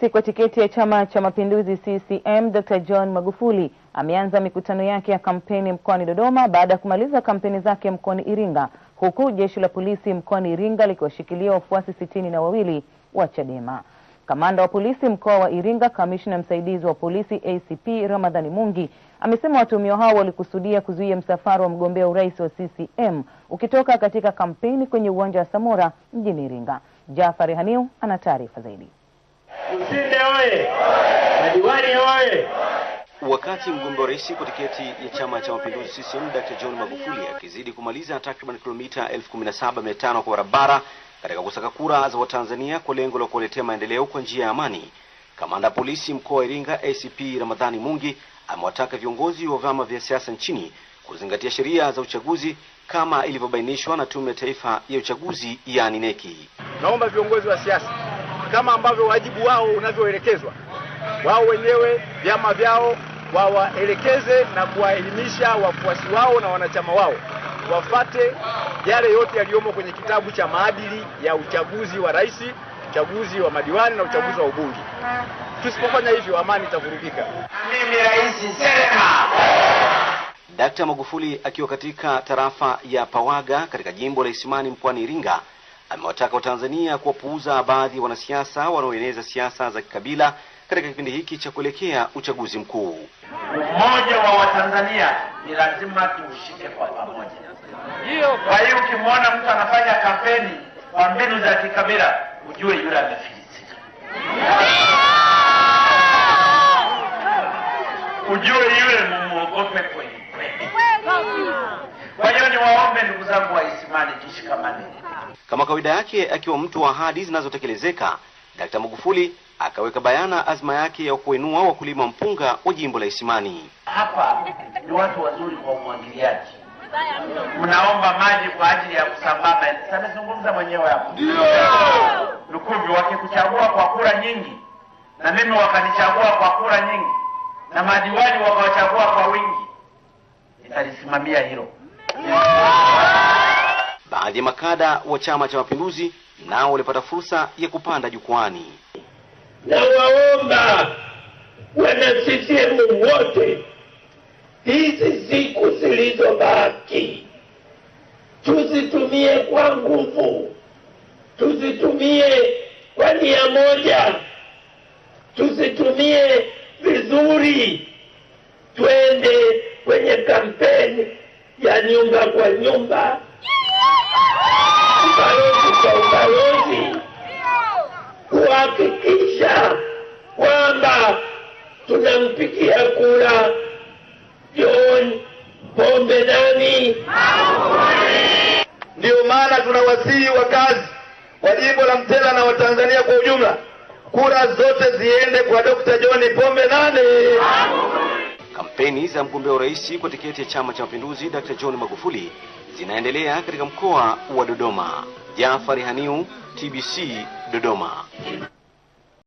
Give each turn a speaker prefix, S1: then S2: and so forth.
S1: Rais kwa tiketi ya Chama cha Mapinduzi CCM Dr. John Magufuli ameanza mikutano yake ya kampeni mkoani Dodoma baada ya kumaliza kampeni zake mkoani Iringa, huku jeshi la polisi mkoani Iringa likiwashikilia wafuasi sitini na wawili wa Chadema. Kamanda wa polisi mkoa wa Iringa, kamishna msaidizi wa polisi ACP Ramadhani Mungi amesema watuhumiwa hao walikusudia kuzuia msafara wa mgombea urais wa CCM ukitoka katika kampeni kwenye uwanja wa Samora mjini Iringa. Jafari Haniu ana taarifa zaidi oye!
S2: Madiwani oye! Wakati mgombea wa rais kwa tiketi ya Chama cha Mapinduzi CCM Dr. John Magufuli akizidi kumaliza takriban kilomita 17,500 kwa barabara katika kusaka kura za Watanzania kwa lengo la kuwaletea maendeleo kwa njia ya amani, kamanda polisi mkoa wa Iringa ACP Ramadhani Mungi amewataka viongozi wa vyama vya siasa nchini kuzingatia sheria za uchaguzi kama ilivyobainishwa na Tume ya Taifa ya Uchaguzi yani NEC.
S3: Naomba viongozi wa siasa kama ambavyo wajibu wao unavyoelekezwa. Wao wenyewe vyama vyao wawaelekeze na kuwaelimisha wafuasi wao na wanachama wao wafate yale yote yaliyomo kwenye kitabu cha maadili ya uchaguzi wa rais, uchaguzi wa madiwani na uchaguzi wa ubunge. Tusipofanya hivyo, amani itavurugika. Mimi Rais sema.
S2: Dkt. Magufuli akiwa katika tarafa ya Pawaga katika jimbo la Isimani mkoani Iringa amewataka Watanzania kuwapuuza baadhi ya wanasiasa wanaoeneza siasa za kikabila katika kipindi hiki cha kuelekea uchaguzi mkuu.
S4: Umoja wa Watanzania ni lazima tuushike kwa pamoja. Kwa hiyo ukimwona mtu anafanya kampeni kwa mbinu za kikabila, ujue yule amefilisika Tuungane ndugu zangu Waisimani, tushikamane.
S2: Kama kawaida yake, akiwa mtu wa ahadi zinazotekelezeka, Dkt. Magufuli akaweka bayana azma yake ya kuinua wakulima mpunga wa jimbo la Isimani.
S4: Hapa ni watu wazuri kwa umwagiliaji, mnaomba maji kwa ajili ya kusambaa. Amezungumza mwenyewe hapo, ndio Lukuvi, wakikuchagua kwa kura nyingi na mimi wakanichagua kwa kura nyingi na madiwani wakawachagua kwa wingi, nitalisimamia hilo.
S2: Baadhi ya makada wa Chama cha Mapinduzi nao walipata fursa ya kupanda jukwani.
S5: nawaomba wana CCM wote, hizi siku zilizobaki tuzitumie kwa nguvu, tuzitumie kwa nia moja, tuzitumie vizuri, twende kwenye kampeni ya nyumba kwa nyumba kufanikisha ubalozi kuhakikisha kwamba tunampigia kura John Pombe nani.
S6: Ndiyo maana tunawasihi wakazi wa jimbo la Mtela na Watanzania kwa ujumla, kura zote ziende kwa Dr. John Pombe nane.
S2: Kampeni za mgombea urais kwa tiketi ya Chama cha Mapinduzi Dr. John Magufuli zinaendelea katika mkoa wa Dodoma. Jafari Haniu, TBC Dodoma.